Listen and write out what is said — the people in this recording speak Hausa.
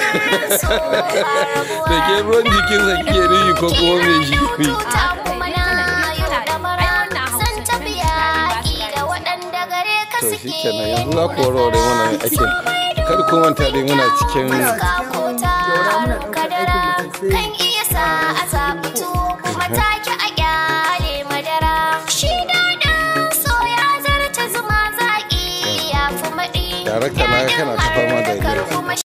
da ke ruwan jikinsa ke yi ko kuma mai shi to shi kenan yanzu za ku warware mana mai ake kar ku manta dai muna cikin kan a madara shi darakta na kana ta fama da